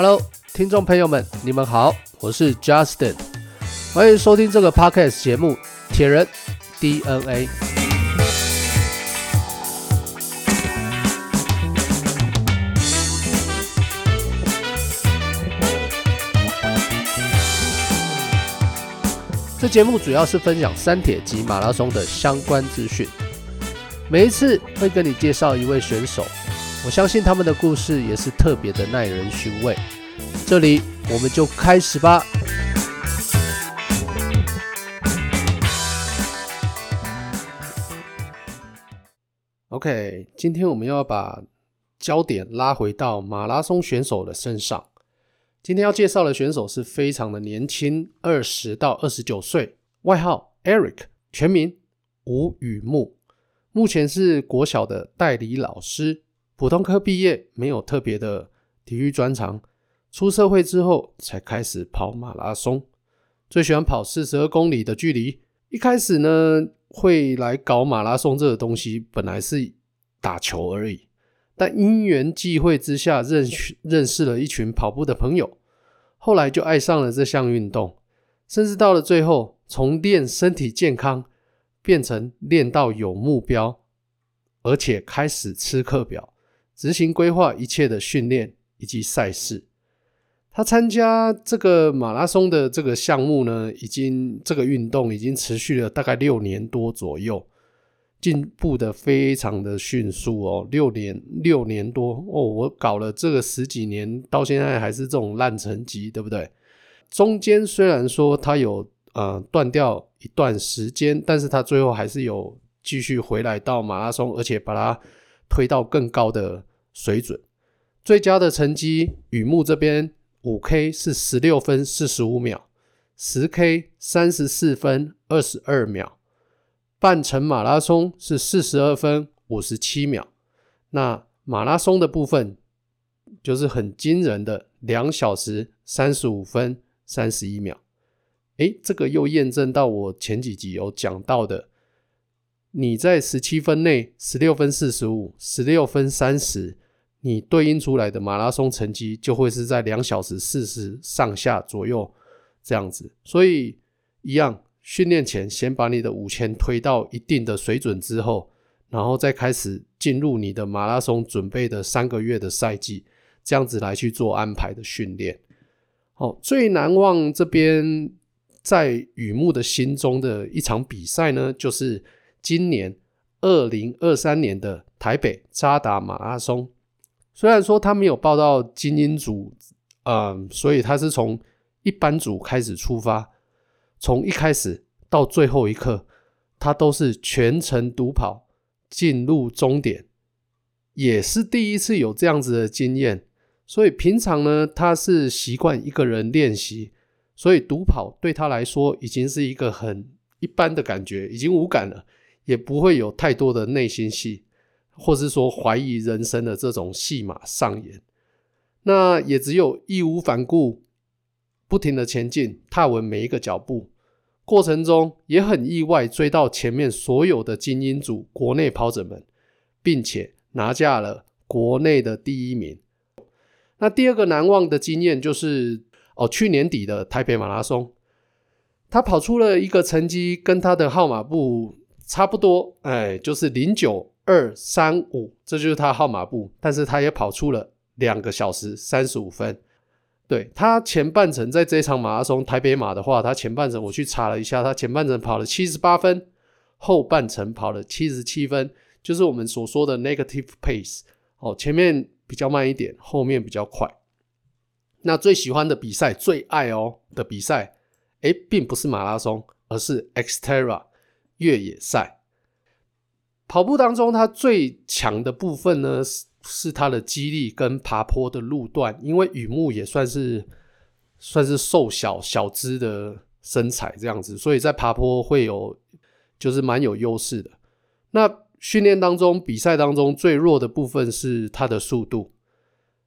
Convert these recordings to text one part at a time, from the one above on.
Hello，聽眾朋友們，你們好，我是 Justin，歡迎收聽這個 Podcast 節目《鐵人 DNA》。這節目主要是分享三鐵及馬拉松的相關資訊，每一次會跟你介紹一位選手，我相信他們的故事也是特別的耐人尋味。這裡我們就開始吧。OK，今天我們要把焦點拉回到馬拉松選手的身上。今天要介紹的選手是非常的年輕，二十到二十九歲，外號 Eric，全名吳宇穆，目前是國小的代理老師，普通科畢業，沒有特別的體育專長。出社會之後才開始跑馬拉松，最喜歡跑四十二公里的距離。一開始呢，會來搞馬拉松這個東西，本來是打球而已。但因緣際會之下認，認識認識了一群跑步的朋友，後來就愛上了這項運動。甚至到了最後，從練身體健康變成練到有目標，而且開始吃課表，執行規劃一切的訓練以及賽事。他參加這個馬拉松的這個項目呢，已經這個運動已經持續了大概六年多左右，進步得非常的迅速哦。六年六年多哦，我搞了這個十幾年，到現在還是這種爛成績，對不對？中間雖然說他有呃斷掉一段時間，但是他最後還是有繼續回來到馬拉松，而且把他推到更高的水準。最佳的成績，宇穆這邊，五 K 是十六分四十五秒，十 K 三十四分二十二秒，半程馬拉松是四十二分五十七秒，那馬拉松的部分就是很驚人的，兩小時三十五分三十一秒。誒，這個又驗證到我前幾集有講到的，你在十七分內，十六分四十五，十六分三十。你對應出來的馬拉松成績就會是在兩小時四十上下左右這樣子，所以一樣訓練前先把你的五千推到一定的水準之後，然後再開始進入你的馬拉松準備的三個月的賽季，這樣子來去做安排的訓練。好、哦，最難忘這邊在宇穆的心中的一場比賽呢，就是今年二零二三年的台北渣打馬拉松。雖然說他沒有報到精英組，嗯、呃，所以他是從一般組開始出發，從一開始到最後一刻，他都是全程獨跑進入終點，也是第一次有這樣子的經驗。所以平常呢，他是習慣一個人練習，所以獨跑對他來說已經是一個很一般的感覺，已經無感了，也不會有太多的內心戲。或是說懷疑人生的這種戲碼上演，那也只有義無反顧、不停的前進，踏穩每一個腳步。過程中也很意外，追到前面所有的精英組國內跑者們，並且拿下了國內的第一名。那第二個難忘的經驗就是，哦，去年底的台北馬拉松，他跑出了一個成績跟他的號碼布差不多，哎，就是零九。二三五，這就是他號碼布，但是他也跑出了兩個小時三十五分。對，他前半程在這一場馬拉松台北馬的話，他前半程我去查了一下，他前半程跑了七十八分，後半程跑了七十七分，就是我們所說的 negative pace 哦，前面比較慢一點，後面比較快。那最喜歡的比賽、最愛哦的比賽，誒，並不是馬拉松，而是 XTERRA 越野賽。跑步當中，他最強的部分呢，是是他的肌力跟爬坡的路段，因為宇穆也算是算是瘦小小只的身材這樣子，所以在爬坡會有就是蠻有優勢的。那訓練當中、比賽當中最弱的部分是他的速度。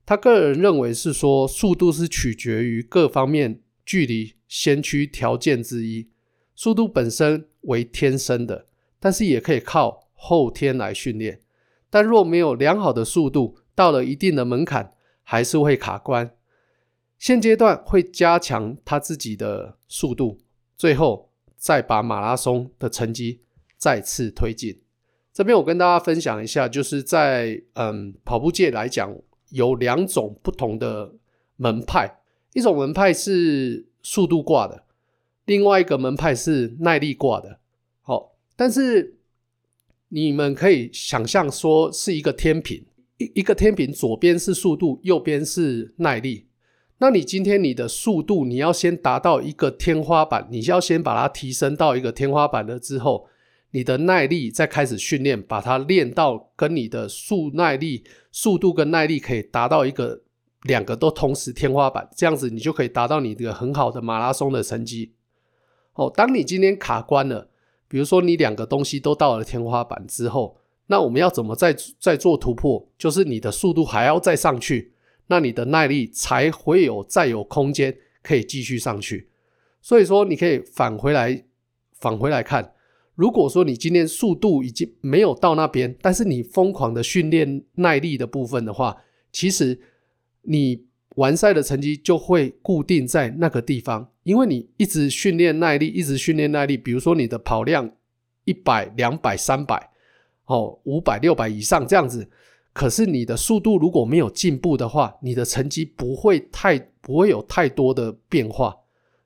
他個人認為是說，速度是取決於各方面距離先驅條件之一，速度本身為天生的，但是也可以靠。後天來訓練，但若沒有良好的速度，到了一定的門檻，還是會卡關。現階段會加強他自己的速度，最後再把馬拉松的成績再次推進。這邊我跟大家分享一下，就是在嗯跑步界來講，有兩種不同的門派，一種門派是速度掛的，另外一個門派是耐力掛的。好、哦，但是。你們可以想象說是一個天平，一一個天平左邊是速度，右邊是耐力。那你今天你的速度你要先達到一個天花板，你要先把它提升到一個天花板了之後，你的耐力再開始訓練，把它練到跟你的速耐力、速度跟耐力可以達到一個兩個都同時天花板，這樣子你就可以達到你這個很好的馬拉松的成績。哦，當你今天卡關了。比如說你兩個東西都到了天花板之後，那我們要怎麼再再做突破？就是你的速度還要再上去，那你的耐力才會有再有空間可以繼續上去。所以說你可以返回來返回來看，如果說你今天速度已經沒有到那邊，但是你瘋狂的訓練耐力的部分的話，其實你完賽的成績就會固定在那個地方。因為你一直訓練耐力，一直訓練耐力，比如說你的跑量一百、兩百、三百，哦，五百、六百以上這樣子，可是你的速度如果沒有進步的話，你的成績不會太不會有太多的變化。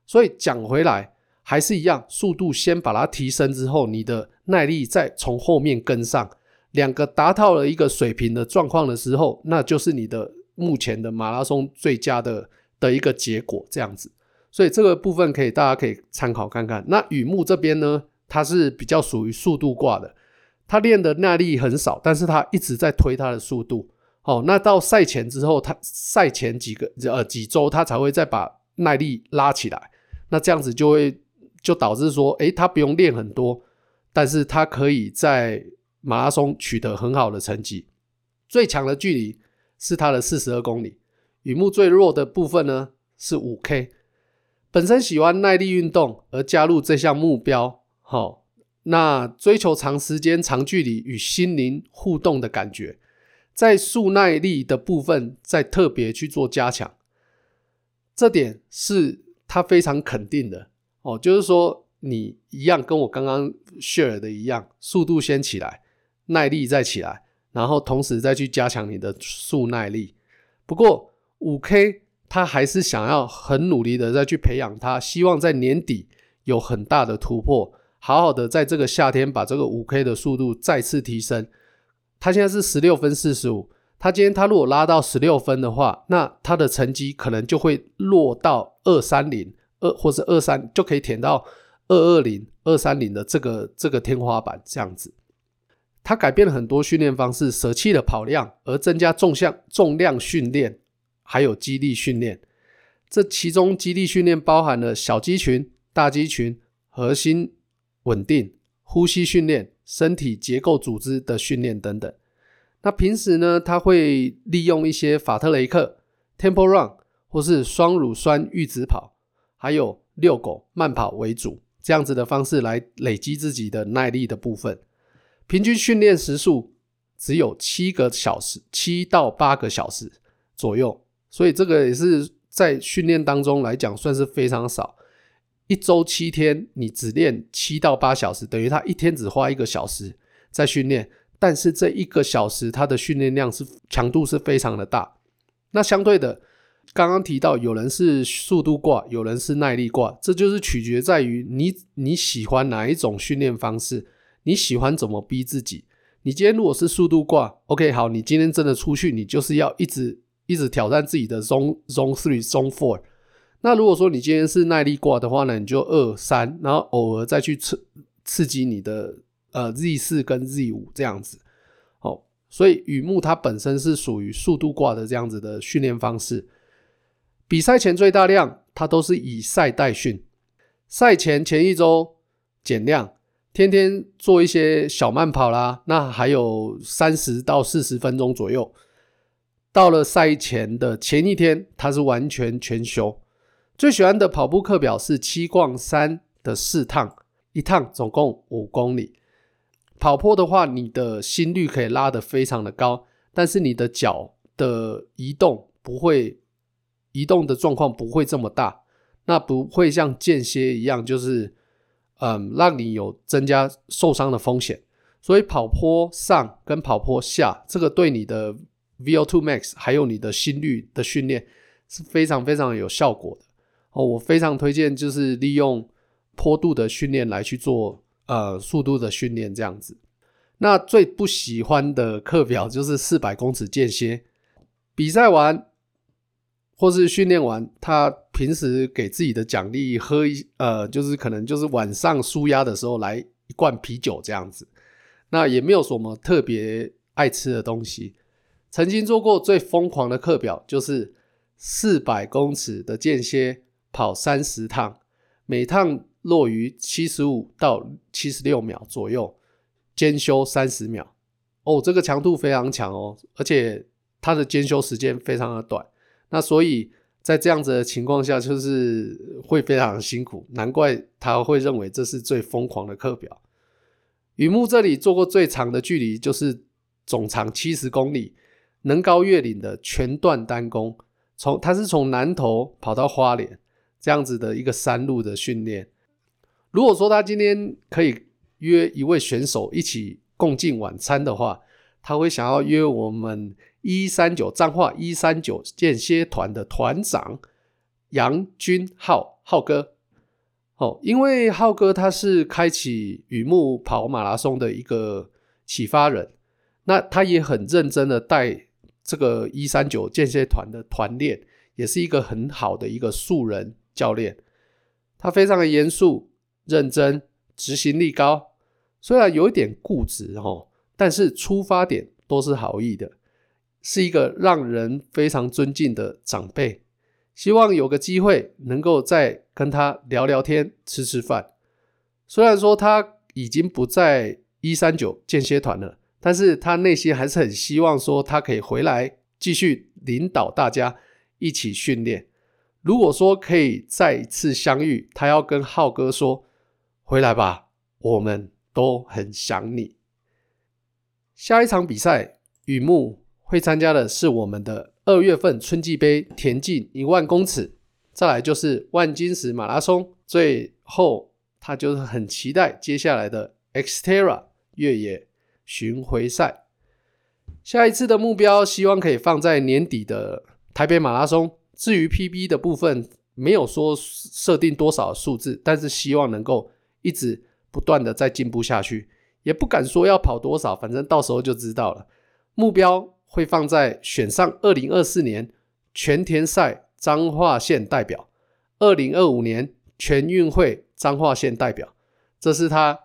所以講回來，還是一樣，速度先把它提升之後，你的耐力再從後面跟上，兩個達到了一個水平的狀況的時候，那就是你的目前的馬拉松最佳的的一個結果這樣子。所以這個部分可以，大家可以參考看看。那宇穆這邊呢，他是比較屬於速度掛的，他練的耐力很少，但是他一直在推他的速度。哦，那到賽前之後，他賽前幾個呃幾週，他才會再把耐力拉起來。那這樣子就會就導致說，誒，他不用練很多，但是他可以在馬拉松取得很好的成績。最強的距離是他的四十二公里，宇穆最弱的部分呢是五 K。本身喜歡耐力運動，而加入這項目標，好、哦，那追求長時間、長距離與心靈互動的感覺，在速耐力的部分再特別去做加強，這點是他非常肯定的哦。就是說，你一樣跟我剛剛 share 的一樣，速度先起來，耐力再起來，然後同時再去加強你的速耐力。不過五 K。他還是想要很努力的再去培養他，希望在年底有很大的突破，好好的在這個夏天把這個五 K 的速度再次提升。他現在是十六分四十五，他今天他如果拉到十六分的話，那他的成績可能就會落到二三零二或者二三，就可以填到二二零二三零的這個這個天花板這樣子。他改變了很多訓練方式，捨棄了跑量，而增加縱向重量訓練。還有肌力訓練，這其中肌力訓練包含了小肌群、大肌群、核心穩定、呼吸訓練、身體結構組織的訓練等等。那平時呢，他會利用一些法特雷克 （Tempo Run） 或是雙乳酸閾值跑，還有遛狗慢跑為主，這樣子的方式來累積自己的耐力的部分。平均訓練時數只有七個小時，七到八個小時左右。所以這個也是在訓練當中來講，算是非常少。一周七天，你只練七到八小時，等於他一天只花一個小時在訓練。但是這一個小時，他的訓練量是強度是非常的大。那相對的，剛剛提到有人是速度掛，有人是耐力掛，這就是取決在於你你喜歡哪一種訓練方式，你喜歡怎麼逼自己。你今天如果是速度掛，OK，好，你今天真的出去，你就是要一直。一直挑戰自己的 zone zone three zone four。那如果說你今天是耐力掛的話呢，你就二三，然後偶爾再去刺刺激你的呃 z 四跟 z 五這樣子。哦，所以宇穆他本身是屬於速度掛的這樣子的訓練方式。比賽前最大量，他都是以賽代訓。賽前前一周減量，天天做一些小慢跑啦。那還有三十到四十分鐘左右。到了賽前的前一天，它是完全全休。最喜歡的跑步課表是七逛三的四趟，一趟總共五公里。跑坡的話，你的心率可以拉得非常的高，但是你的腳的移動不會移動的狀況不會這麼大，那不會像間歇一樣，就是嗯，讓你有增加受傷的風險。所以跑坡上跟跑坡下，這個對你的。VO2 Max 還有你的心率的訓練是非常非常有效果的。哦，我非常推薦就是利用坡度的訓練來去做呃，速度的訓練這樣子。那最不喜歡的課表就是四百公尺間歇。比賽完或是訓練完，他平時給自己的獎勵喝一呃，就是可能就是晚上舒壓的時候來一罐啤酒這樣子。那也沒有什麼特別愛吃的東西。曾經做過最瘋狂的課表，就是四百公尺的間歇跑三十趟，每趟落於七十五到七十六秒左右，間休三十秒。哦，這個強度非常強哦，而且它的間休時間非常的短。那所以在這樣子的情況下，就是會非常的辛苦，難怪他會認為這是最瘋狂的課表。宇穆這裡做過最長的距離，就是總長七十公里。能高越嶺的全段單攻，從他是從南投跑到花蓮這樣子的一個山路的訓練。如果說他今天可以約一位選手一起共進晚餐的話，他會想要約我們一三九彰化一三九間歇團的團長楊軍浩浩哥哦，因為浩哥他是開啟宇穆跑馬拉松的一個啟發人，那他也很認真的帶。這個一三九間歇團的團練也是一個很好的一個素人教練，他非常的嚴肅、認真、執行力高，雖然有一點固執哦，但是出發點都是好意的，是一個讓人非常尊敬的長輩。希望有個機會能夠再跟他聊聊天、吃吃飯。雖然說他已經不在一三九間歇團了。但是他內心還是很希望說，他可以回來繼續領導大家一起訓練。如果說可以再一次相遇，他要跟浩哥說：“回來吧，我們都很想你。”下一場比賽，宇穆會參加的是我們的二月份春季杯田徑一萬公尺，再來就是萬金石馬拉松。最後，他就是很期待接下來的 Xterra 越野巡迴賽，下一次的目標希望可以放在年底的台北馬拉松。至於 PB 的部分，沒有說設定多少數字，但是希望能夠一直不斷的在進步下去，也不敢說要跑多少，反正到時候就知道了。目標會放在選上二零二四年全田賽彰化縣代表，二零二五年全運會彰化縣代表，這是他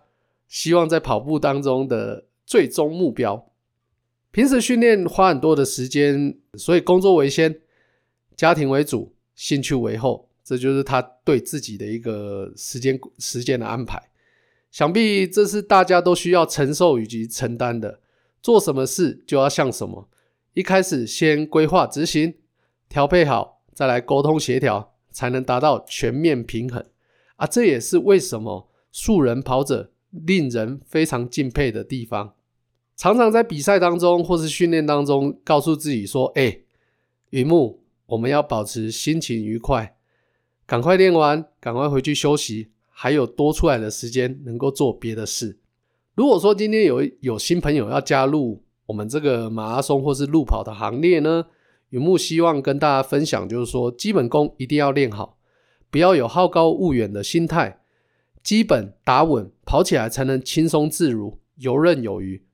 希望在跑步當中的。最終目標，平時訓練花很多的時間，所以工作為先，家庭為主，興趣為後，這就是他對自己的一個時間時間的安排。想必這是大家都需要承受以及承擔的。做什麼事就要像什麼，一開始先規劃執行，調配好，再來溝通協調，才能達到全面平衡。啊，這也是為什麼素人跑者令人非常敬佩的地方。常常在比賽當中或是訓練當中，告訴自己說：“哎、欸，宇穆，我們要保持心情愉快，趕快練完，趕快回去休息，還有多出來的時間能夠做別的事。”如果說今天有有新朋友要加入我們這個馬拉松或是路跑的行列呢，宇穆希望跟大家分享，就是說基本功一定要練好，不要有好高騖遠的心態，基本打穩，跑起來才能輕鬆自如、游刃有餘。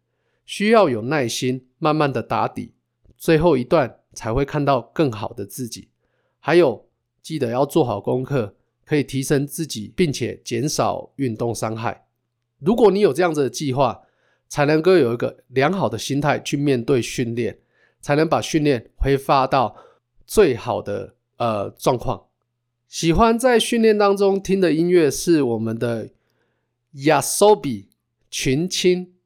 需要有耐心，慢慢的打底，最後一段才會看到更好的自己。還有，記得要做好功課，可以提升自己，並且減少運動傷害。如果你有這樣子的計劃，才能夠有一個良好的心態去面對訓練，才能把訓練揮發到最好的，呃，狀況。喜歡在訓練當中聽的音樂是我們的 YOASOBI 群青。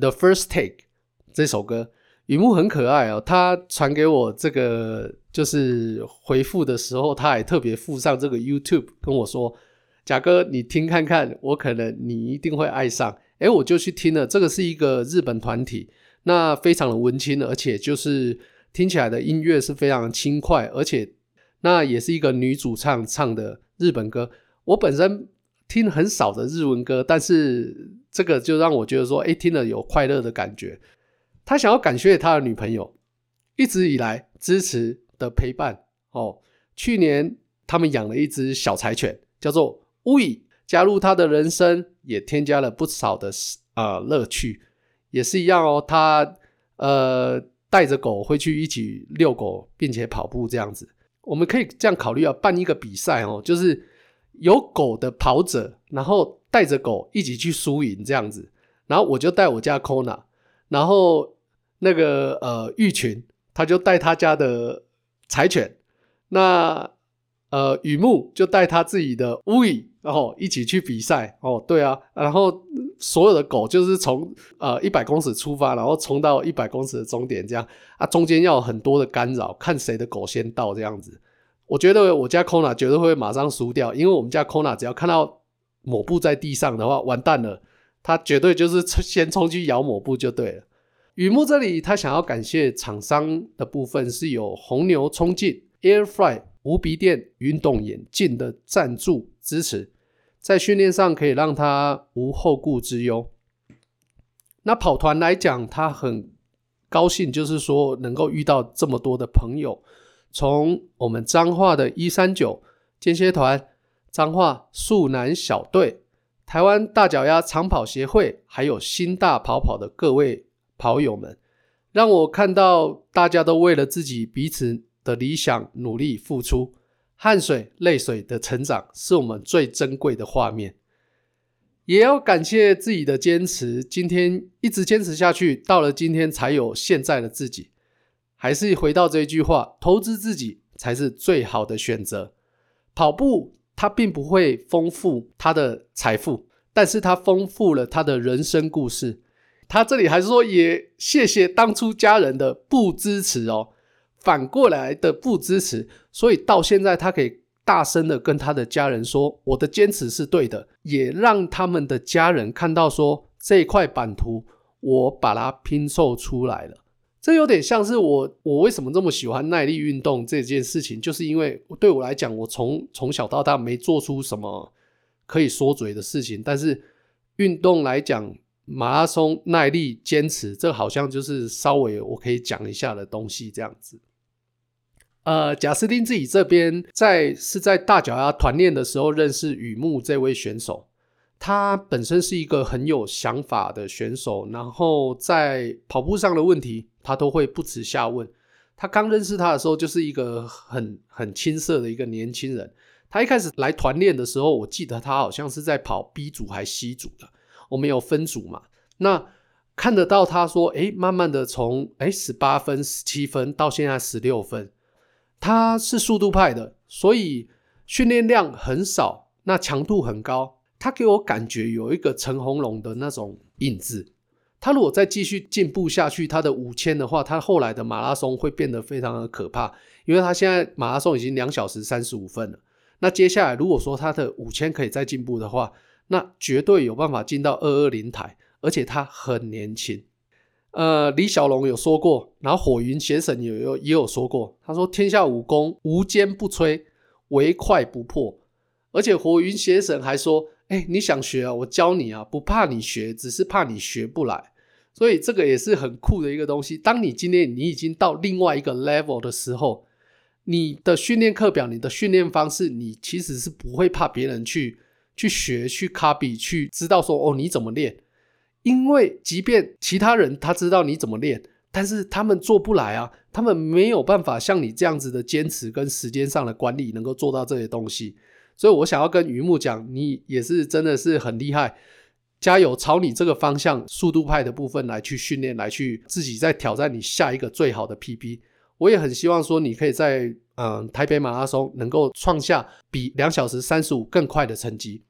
The First Take 這首歌，宇穆很可愛啊、哦，他傳給我這個就是回復的時候，他還特別附上這個 YouTube，跟我說：“賈哥，你聽看看，我可能你一定會愛上。”哎，我就去聽了，這個是一個日本團體，那非常的文青，而且就是聽起來的音樂是非常輕快，而且那也是一個女主唱唱的日本歌。我本身聽很少的日文歌，但是，這個就讓我覺得說，哎，聽了有快樂的感覺。他想要感謝他的女朋友一直以來支持的陪伴哦。去年他們養了一隻小柴犬，叫做 We，加入他的人生也添加了不少的啊、呃、樂趣，也是一樣哦。他呃帶着狗會去一起遛狗，並且跑步這樣子。我們可以這樣考慮啊，辦一個比賽哦，就是。有狗的跑者，然後帶着狗一起去輸贏這樣子，然後我就帶我家 Kona，然後那個呃玉群，他就帶他家的柴犬，那呃雨木就帶他自己的屋羽，然後一起去比賽哦，對啊，然後所有的狗就是從呃一百公尺出發，然後衝到一百公尺的終點這樣，啊中間要很多的干擾，看誰的狗先到這樣子。我覺得我家 Kona 絕對會馬上輸掉，因為我們家 Kona 只要看到抹布在地上的話，完蛋了，他絕對就是先衝去咬抹布就對了。宇穆這裡他想要感謝廠商的部分，是有紅牛、衝勁、Air Fry、無鼻電運動眼鏡的贊助支持，在訓練上可以讓他無後顧之憂。那跑團來講，他很高興，就是說能夠遇到這麼多的朋友。從我們彰化的一三九間歇團、彰化樹南小隊、台灣大腳丫長跑協會，還有新大跑跑的各位跑友們，讓我看到大家都為了自己彼此的理想努力付出，汗水、淚水的成長是我們最珍貴的畫面。也要感謝自己的堅持，今天一直堅持下去，到了今天才有現在的自己。還是回到這一句話，投資自己才是最好的選擇。跑步，它並不會豐富他的財富，但是他豐富了他的人生故事。他這裡還是說，也謝謝當初家人的不支持哦，反過來的不支持，所以到現在他可以大聲的跟他的家人說，我的堅持是對的，也讓他們的家人看到說，這一塊版圖我把它拼湊出來了。這有點像是我，我為什麼這麼喜歡耐力運動這件事情，就是因為對我來講，我從從小到大沒做出什麼可以說嘴的事情。但是運動來講，馬拉松耐力堅持，這好像就是稍微我可以講一下的東西這樣子。呃，賈斯汀自己這邊在是在大腳丫團練的時候認識宇穆這位選手。他本身是一個很有想法的選手，然後在跑步上的問題，他都會不恥下問。他剛認識他的時候，就是一個很很青澀的一個年輕人。他一開始來團練的時候，我記得他好像是在跑 B 組還 C 組的。我們有分組嘛？那看得到他說，誒，慢慢的從哎十八分、十七分到現在十六分。他是速度派的，所以訓練量很少，那強度很高。他給我感覺有一個陳鴻龍的那種影子。他如果再繼續進步下去，他的五千的話，他後來的馬拉松會變得非常的可怕，因為他現在馬拉松已經兩小時三十五分了。那接下來如果說他的五千可以再進步的話，那絕對有辦法進到二二零台，而且他很年輕。呃，李小龍有說過，然後火雲邪神也有也有說過，他說天下武功，無堅不摧，唯快不破。而且火雲邪神還說。欸，你想學啊？我教你啊，不怕你學，只是怕你學不來。所以這個也是很酷的一個東西。當你今天你已經到另外一個 level 的時候，你的訓練課表、你的訓練方式，你其實是不會怕別人去去學、去 copy、去知道說，哦，你怎麼練，因為即便其他人他知道你怎麼練，但是他們做不來啊，他們沒有辦法像你這樣子的堅持跟時間上的管理能夠做到這些東西。所以，我想要跟宇穆講，你也是真的是很厲害，加油，朝你這個方向，速度派的部分來去訓練，來去自己再挑戰你下一個最好的 PB。我也很希望說，你可以在嗯、呃、台北馬拉松能夠創下比兩小時三十五更快的成績。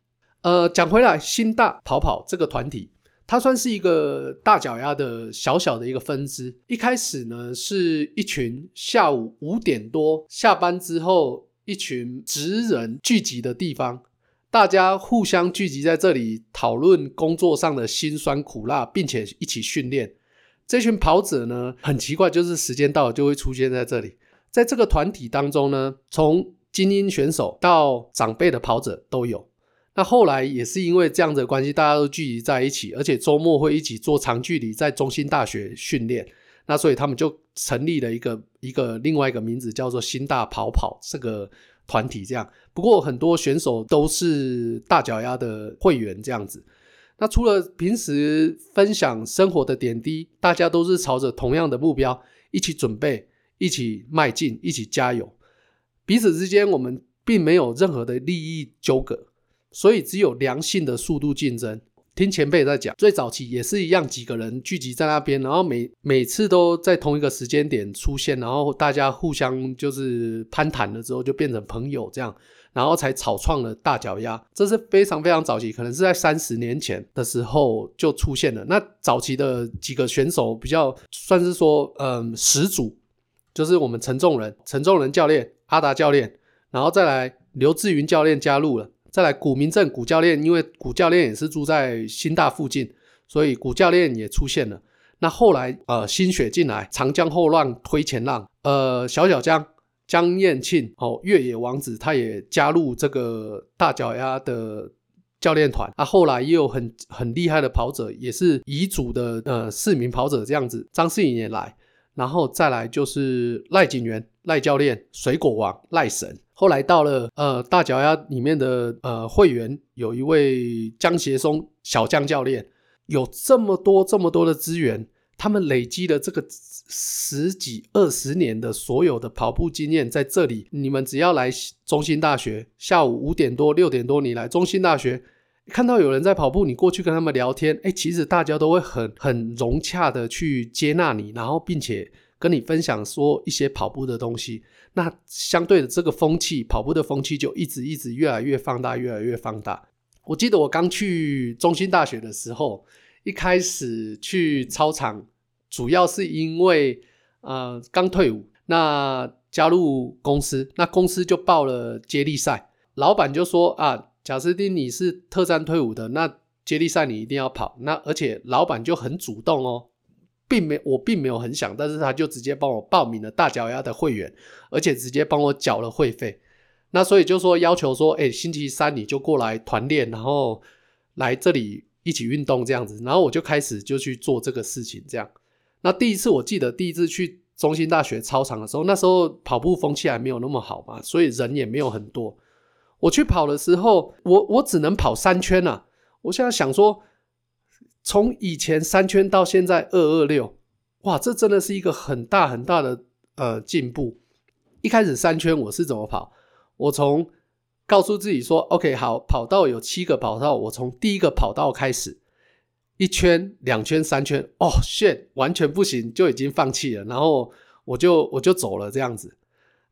呃，講回來，興大跑跑這個團體，它算是一個大腳丫的小小的一個分支。一開始呢，是一群下午五點多下班之後。一群職人聚集的地方，大家互相聚集在這裡討論工作上的辛酸苦辣，並且一起訓練。這群跑者呢，很奇怪，就是時間到了就會出現在這裡。在這個團體當中呢，從精英選手到長輩的跑者都有。那後來也是因為這樣子的關係，大家都聚集在一起，而且週末會一起做長距離，在中興大學訓練。那所以他們就成立了一個。一個另外一個名字叫做“興大跑跑”這個團體，這樣。不過很多選手都是大腳丫的會員，這樣子。那除了平時分享生活的點滴，大家都是朝着同樣的目標一起準備、一起邁進、一起加油。彼此之間我們並沒有任何的利益糾葛，所以只有良性的速度競爭。聽前輩在講，最早期也是一樣，幾個人聚集在那邊，然後每每次都在同一個時間點出現，然後大家互相就是攀談了之後，就變成朋友這樣，然後才草創了大腳丫。這是非常非常早期，可能是在三十年前的時候就出現了。那早期的幾個選手比較算是說，嗯，始祖就是我們陳仲仁、陳仲仁教練、阿達教練，然後再來劉志雲教練加入了。再來，古民鎮古教練，因為古教練也是住在興大附近，所以古教練也出現了。那後來，呃，新血進來，長江後浪推前浪，呃，小小江江晏慶，哦，越野王子，他也加入這個大腳丫的教練團。那、啊、後來也有很很厲害的跑者，也是遺囑的呃市民跑者這樣子，張世穎也來，然後再來就是賴景元，賴教練，水果王賴神。後來到了呃大腳丫裡面的呃會員，有一位江杰松，小江教練。有這麼多這麼多的資源，他們累積了這個十幾二十年的所有的跑步經驗在這裡。你們只要來中興大學，下午五點多六點多你來中興大學，看到有人在跑步，你過去跟他們聊天，哎，其實大家都會很很融洽的去接納你，然後並且。跟你分享說一些跑步的東西，那相對的這個風氣，跑步的風氣就一直一直越來越放大，越來越放大。我記得我剛去中興大學的時候，一開始去操場，主要是因為呃剛退伍，那加入公司，那公司就報了接力賽，老闆就說啊，賈斯汀你是特戰退伍的，那接力賽你一定要跑，那而且老闆就很主動哦。並沒，我並沒有很想，但是他就直接幫我報名了大腳丫的會員，而且直接幫我繳了會費。那所以就說要求說，哎、欸，星期三你就過來團練，然後來這裡一起運動這樣子。然後我就開始就去做這個事情，這樣。那第一次我記得第一次去中興大學操場的時候，那時候跑步風氣還沒有那麼好嘛，所以人也沒有很多。我去跑的時候，我我只能跑三圈了、啊。我現在想說。從以前三圈到現在二二六，哇，這真的是一個很大很大的呃進步。一開始三圈我是怎麼跑？我從告訴自己說，OK，好，跑道有七個跑道，我從第一個跑道開始，一圈、兩圈、三圈，哦，炫完全不行，就已經放棄了，然後我就我就走了這樣子。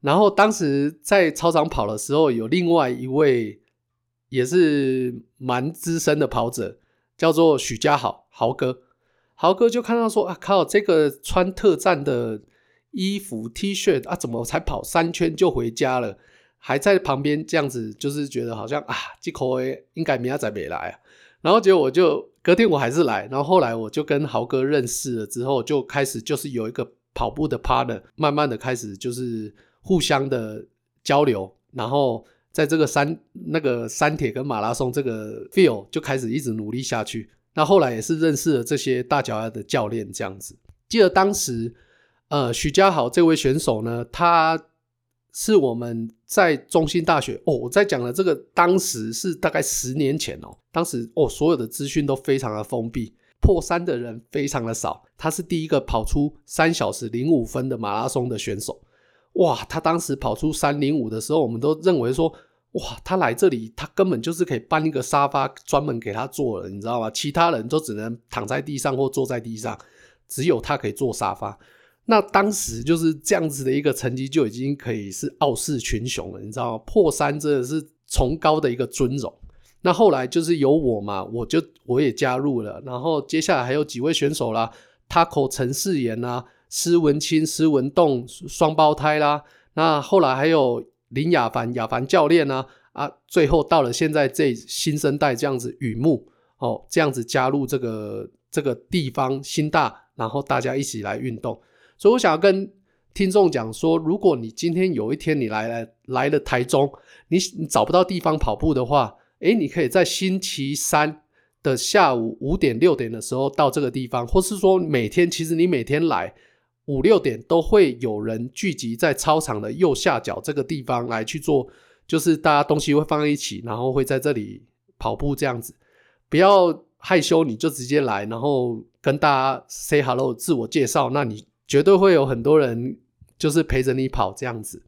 然後當時在操場跑的時候，有另外一位也是蠻資深的跑者。叫做許家豪，豪哥，豪哥就看到說，啊，靠，這個穿特戰的衣服 T 恤啊，怎麼才跑三圈就回家了？還在旁邊這樣子，就是覺得好像啊，這口哎、啊，應該明仔仔沒來，然後結果我就隔天我還是來，然後後來我就跟豪哥認識了之後，就開始就是有一個跑步的 partner，慢慢的開始就是互相的交流，然後。在這個三那個三鐵跟馬拉松這個 field 就開始一直努力下去。那後來也是認識了這些大腳丫的教練這樣子。記得當時，呃，許家豪這位選手呢，他是我們在中興大學哦。我在講的這個，當時是大概十年前哦。當時哦，所有的資訊都非常的封閉，破三的人非常的少。他是第一個跑出三小時零五分的馬拉松的選手。哇，他當時跑出三零五的時候，我們都認為說。哇，他來這裡，他根本就是可以搬一個沙發專門給他坐了，你知道嗎？其他人都只能躺在地上或坐在地上，只有他可以坐沙發。那當時就是這樣子的一個成績就已經可以是傲視群雄了，你知道嗎？破三真的是崇高的一個尊榮。那後來就是有我嘛，我就我也加入了，然後接下來還有幾位選手啦，Taco、陳世言、啊、吶、施文清、施文棟雙胞胎啦，那後來還有。林雅凡、雅凡教練呢、啊？啊，最後到了現在這新生代這樣子宇穆哦，這樣子加入這個這個地方興大，然後大家一起來運動。所以我想要跟聽眾講說，如果你今天有一天你來來來了台中你，你找不到地方跑步的話，誒，你可以在星期三的下午五點六點的時候到這個地方，或是說每天，其實你每天來。五六點都會有人聚集在操場的右下角這個地方來去做，就是大家東西會放在一起，然後會在這裡跑步這樣子。不要害羞，你就直接來，然後跟大家 say hello，自我介紹，那你絕對會有很多人就是陪着你跑這樣子。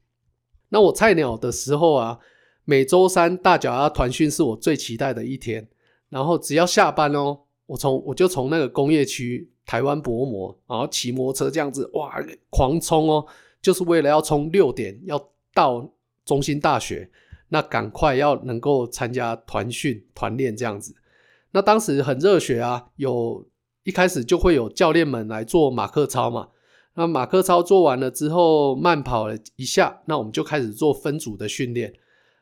那我菜鳥的時候啊，每周三大腳丫團訓是我最期待的一天，然後只要下班哦，我從我就從那個工業區。台灣薄膜，然後騎摩托車這樣子，哇，狂衝哦，就是為了要衝六點，要到中興大學，那趕快要能夠參加團訓團練這樣子。那當時很熱血啊，有一開始就會有教練們來做馬克操嘛，那馬克操做完了之後，慢跑了一下，那我們就開始做分組的訓練，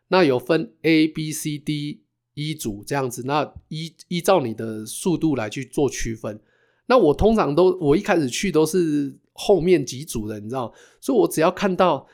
那有分 A、B、C、D、E 組這樣子，那依依照你的速度來去做區分。那我通常都，我一開始去都是後面幾組的，你知道，所以我只要看到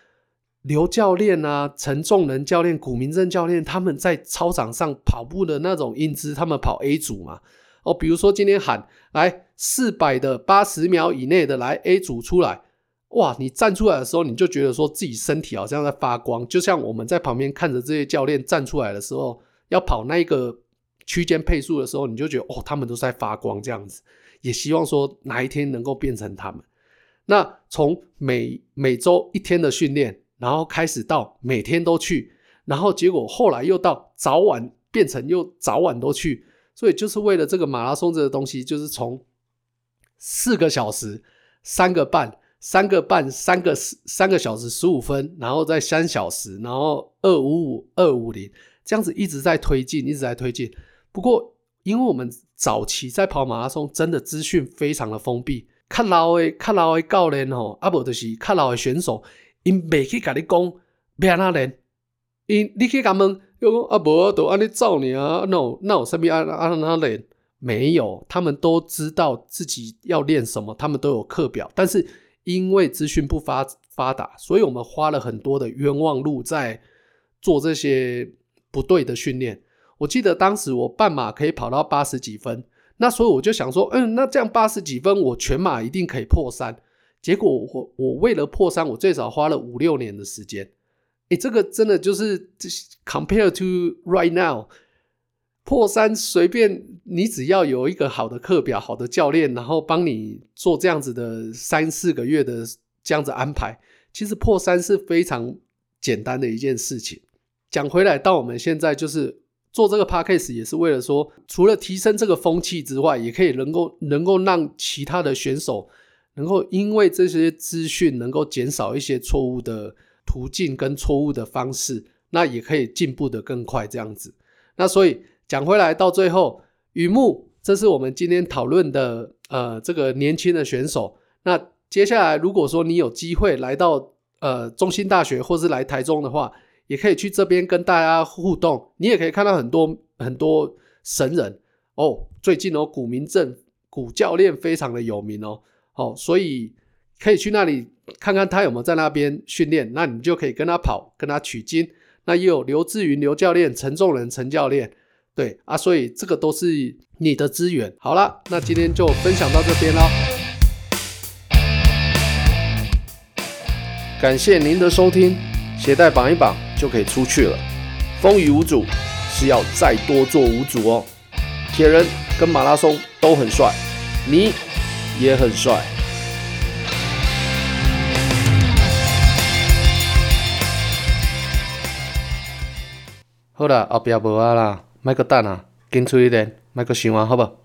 劉教練啊、陳仲仁教練、古明正教練他們在操場上跑步的那種英姿，他們跑 A 組嘛，哦，比如說今天喊來四百的八十秒以內的來 A 組出來，哇，你站出來的時候，你就覺得說自己身體好像在發光，就像我們在旁邊看着這些教練站出來的時候要跑那一個。區間配速的時候，你就覺得哦，他們都在發光這樣子，也希望說哪一天能夠變成他們。那從每每週一天的訓練，然後開始到每天都去，然後結果後來又到早晚變成又早晚都去，所以就是為了這個馬拉松這個東西，就是從四個小時、三個半、三個半、三個三個小時十五分，然後再三小時，然後二五五、二五零這樣子一直在推進，一直在推進。不過，因為我們早期在跑馬拉松，真的資訊非常的封閉。喀拉的喀拉的教練吼，啊不、啊、就是喀拉的選手，因未去跟你講欲按怎練，因你去們要講啊無著安尼走呢啊，那那有什麼啊啊按怎練？沒有，他們都知道自己要練什麼，他們都有課表。但是因為資訊不發發達，所以我們花了很多的冤枉路在做這些不對的訓練。我記得當時我半馬可以跑到八十幾分，那所以我就想說，嗯，那這樣八十幾分，我全馬一定可以破三。結果我我為了破三，我最少花了五六年的時間。欸，這個真的就是 compare to right now，破三隨便你，只要有一個好的課表、好的教練，然後幫你做這樣子的三四個月的這樣子安排，其實破三是非常簡單的一件事情。講回來到我們現在就是。做這個 podcast 也是為了說，除了提升這個風氣之外，也可以能夠能夠讓其他的選手能夠因為這些資訊能夠減少一些錯誤的途徑跟錯誤的方式，那也可以進步的更快這樣子。那所以講回來到最後，宇穆，這是我們今天討論的呃這個年輕的選手。那接下來如果說你有機會來到呃中興大學或是來台中的話，也可以去這邊跟大家互動，你也可以看到很多很多神人哦。最近哦，古明鎮，古教練非常的有名哦，哦，所以可以去那裡看看他有沒有在那邊訓練，那你就可以跟他跑，跟他取經。那也有劉志雲劉教練、陳仲仁陳教練。對啊，所以這個都是你的資源。好了，那今天就分享到這邊嘍，感謝您的收聽，鞋帶綁一綁，就可以出去了，風雨無阻，是要再多做五組哦。鐵人跟馬拉松都很帥，你也很帥。好啦，後壁無啊啦，賣閣等啊，緊催一點，賣閣想啊，好不？好